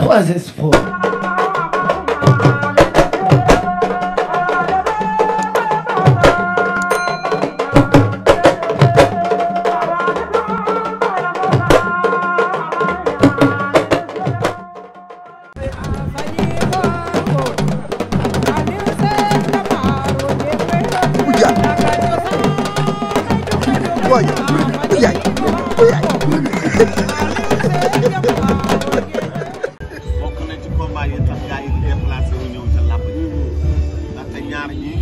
3S Pro. Uruguayo. combat yi tax gars yi di déplacé wu ñëw ca làmb ji ndaxte ñaar ñi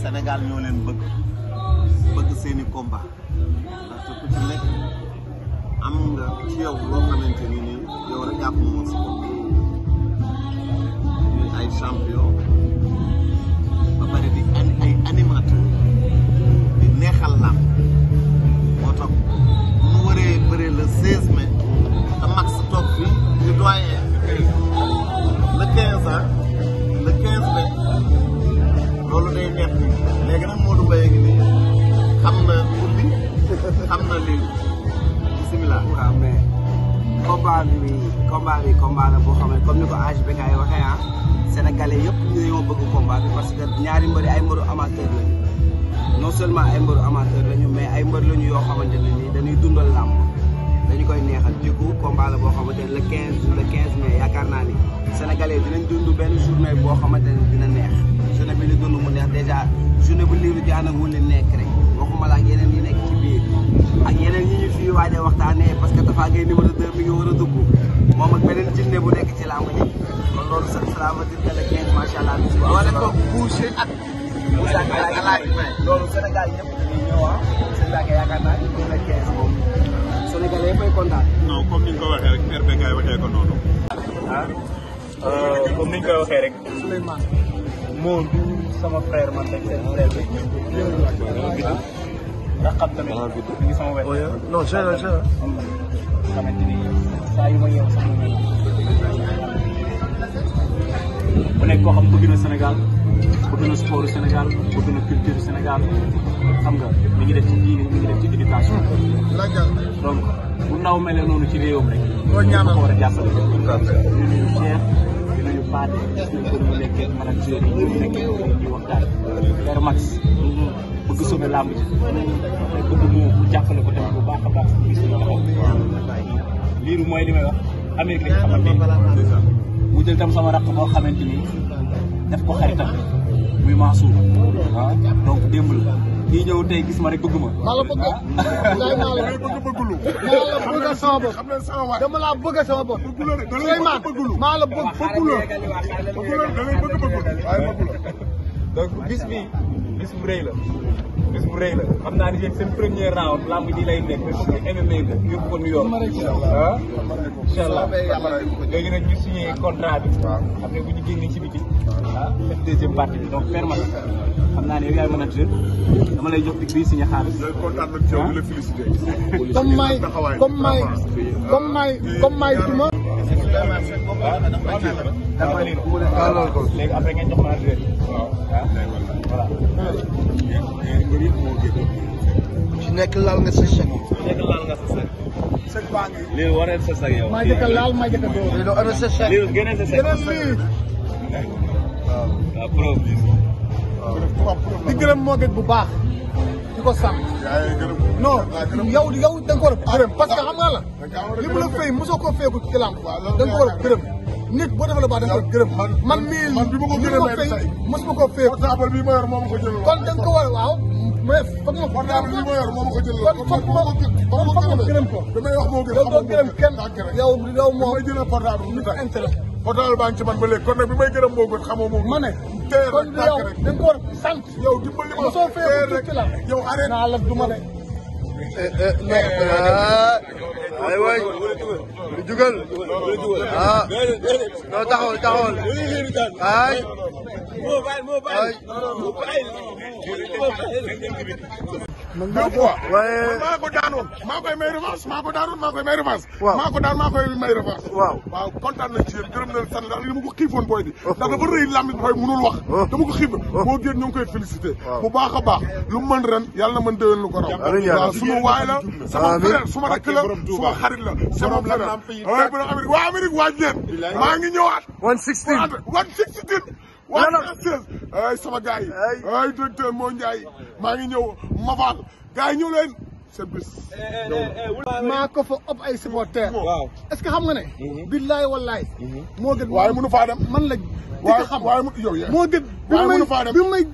Sénégal ñoo leen bëgg bëgg seeni combat ci am nga ci yow loo xamante ni nii rek yaa ko moom sa ay champion bi combat bi combat la boo xam ne comme ni ko HBK yi waxee ah sénégalais yëpp ñoo bëgg combat bi parce que ñaari mbëri ay mbëru amateur lañu non seulement ay mbëru amateur lañu mais ay mbër lañu yoo xamante ne nii dañuy dundal làmb dañu koy neex ak coup combat la boo xamante ne le 15 le 15 mai yaakaar naa ni sénégalais dinañ dund benn journée boo xamante ne dina neex journée bi ñu mu neex déjà journée bu liiru jaan ak wuli nekk rek. ma la ak yeneen yi biir ak yeneen fi waaj a waxtaanee parce que Tapha Gueye numéro 2 mi a moom ak beneen jinne bu nekk ci làmb ji kon loolu sax ça veut dire que le 15 macha allah. ne le 15 kontaan. ndax xam tamit mi ngi sama wet. non c'est vrai c'est vrai. xamante ni saa yu ma yeew sax mu nekk koo xam bëgg na Sénégal bëgg na sport Sénégal bëgg na culture Sénégal xam nga mi ngi def ci diine mi ngi def ci éducation. donc bu ndaw mel noonu ci réewam rek. boo ñaanal ko war a jàppale. ñu nuyu Cheikh ñu nuyu Fade gis nañ ko ñu nekkee manager yi ñu nekkee ñu waxtaan. Air Max. bëgg sauver làmb ji te bëgg mu jàppale ko tamit bu baax a baax gis ñu taxaw liiru mooy li may wax Amérique lañ xamante ni mu jël tam sama rakk boo xamante ni def ko xaritam muy Mansour ah donc démb la kii ñëw tey gis ma rek bëgg ma. maa la bëgg a. Ah. maa la bëgg a bëgg lu. maa la bëgg a sama bopp. dama laa bëgg a sama bopp. Souleymane maa la bëgg bëgg lu. bëgg la da ngay bëgg bëgg lu waaye bëgg la donc bis bi. bis bu rëy la xam naa ni yéen seen premier round lamb ji lay nekk MMA ko yóbbu ko New allah léegi nag ñu signé contrat bi xam ne bu ñu génnee ci biti ah def deuxième partie bi donc permanent xam naa ne yow yaay manager dama lay jox dig bii signé xaalis kontaan nag yow di la félicité comme maay comme maay ah, comme maay comme maay duma ah, léegi après ngeen jox ma adresse ah. mbër yëpp moo génn. ci nekk laal nga sa chèque. ci nekk laal nga sa chèque. chèque baa ngi. lii waree sa chèque yow. maa njëkk a laal maa njëkk a doon. lii doo amee sa chèque. lii gënee sa chèque. gënee lii. waaw ah, waaw preuve bi. waaw ah. di gërëm moo gën bu baax. di ko sant. non yow yow da nga ko war a gërëm parce que xam nga la. li mu la fay mosoo koo feeku ci lamb da nga ko war a gërëm. nit boo defee la baax da nga ko gërëm. man mii man bi ma ko gërëmee tey mosuma ko fee. kon da nga ko war a waaw. mais foog ma kontaan li ma yor moo ma ko jël kon foog ma foog ma gërëm ko damay wax moo gën doo gërëm kenn yow yow moom damay jëlee portable bi ko intéressé portable baa ngi ci man ba léegi kon nag bi may gërëm moo gën xamoo moom ma ne tey rek yow da nga ko war sant yow dimbali ma soo fee rek la yow arrêté naa la duma de eh, eh, ah, ay waay jugal ah non taxawal taxawal ay Mobile, mobile. Mobile. mën naa ko waaye maa ko daanoon maa koy may revanche maa ko daanoon maa koy may revanche. waaw maa ko daan maa koy may revanche. waaw waaw kontaan nañ ci yéen gërëm nañ sant daal li ma ko xiifoon booy bi. ndax dafa rëy làmb bi dafay mënul wax. dama ko xiif boo génn ñoo ngi koy félicité. bu baax a baax lu mu mën ren yàlla na mën déwén lu ko raw. waaw suma waay la sama frère suma rakk la suma xarit la sama frère waaye bu Amérique waa Amérique waaj leen maa ngi ñëwaat. 116. 116 waaw ay sama gars yi ay maa ngi ñëw Mafal gars yi ñëw leen seen bés. Eh, eh, eh, maa ko fa ëpp ay supporters. waaw est-ce que xam nga ne. Mhm. billaay wallaay. Mhm. moo gën waaye mënu faa dem man la. waaye xam mu yow moo gën waaye mënu faa dem bi may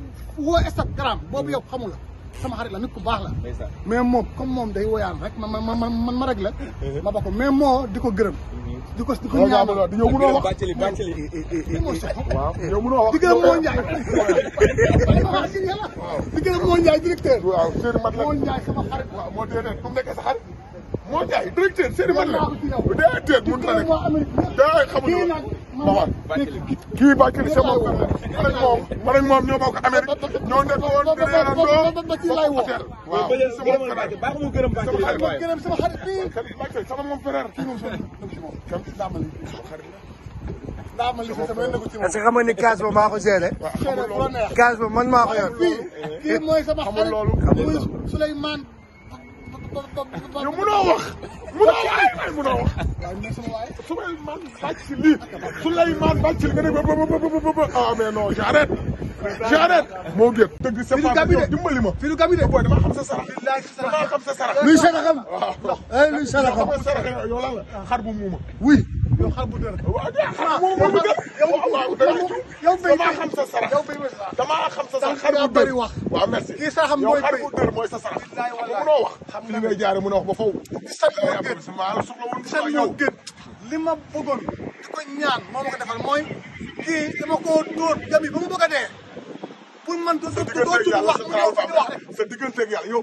woo Instagram boobu yow xamu sama xarit la nit ku baax la. mais moom comme moom day woyaan rek ma ma ma man ma rek la. Mhm. ma ba ko mais moo di ko gërëm. di ko di ko ñaanal di ñëw mënoo wax bàccali bàccali eh, eh, eh, waaw yow mënoo wax di gërëm moo Ndiaye di gërëm waaw Seydou Mat la moo Ndiaye sama xarit waaw moo déedéet fu mu nekkee sa xarit moo Ndiaye directeur Seydou a waaw kii Bathily sama moom man ak moom man ak moom ñoo bokk Amérique ñoo nekk woon dina yàlla doon hôtel. waaw sama xarit bi sama moom frère kii moom sama moom. parce que xam nga ni kaas ba maa ko géré. kaas ba man maa ko yor. kii mooy sama xarit muy Souleymane yow mënoo wax mënoo waay waay mënoo wax. Souleymane Bathily lii Souleymane Bathily nga ne ba ba ba ba ah mais non j'arrête. j'arrête moo gën. dëgg c'est pas que dimbali ma. fii du cabinet oh, booy dama xam sa sarax. dama xam sa sarax. luy saraxam. waaw ah, eh, luy saraxam. yow lan la xar bu muuma. yow xar bu dër. yow damaa xam sa sarax. yow damaa xam sa sarax xar bu dër. waaw merci kii saxam mooy xar bu dër mooy sa sarax. munoo wax xam li ngay jaare mun a wax ba faw. di sant ñoo gën di sant ñoo gën li ma bëggoon di ko ñaan moo ma ko defal mooy kii dama koo dóor jami ba mu bëgg a dee pour man doo tudd wax mu ñëw fi di wax rek sa digganteeg yàlla yow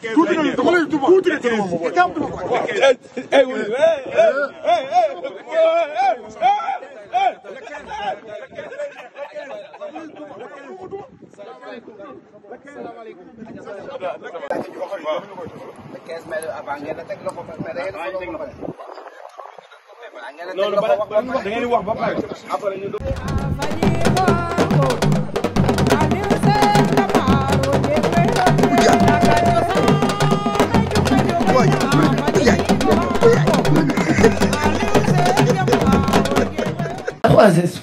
tuuti na dama lay tuuti tuuti na tënk moom loolu ba da ngeen di wax ba pare après ñu bases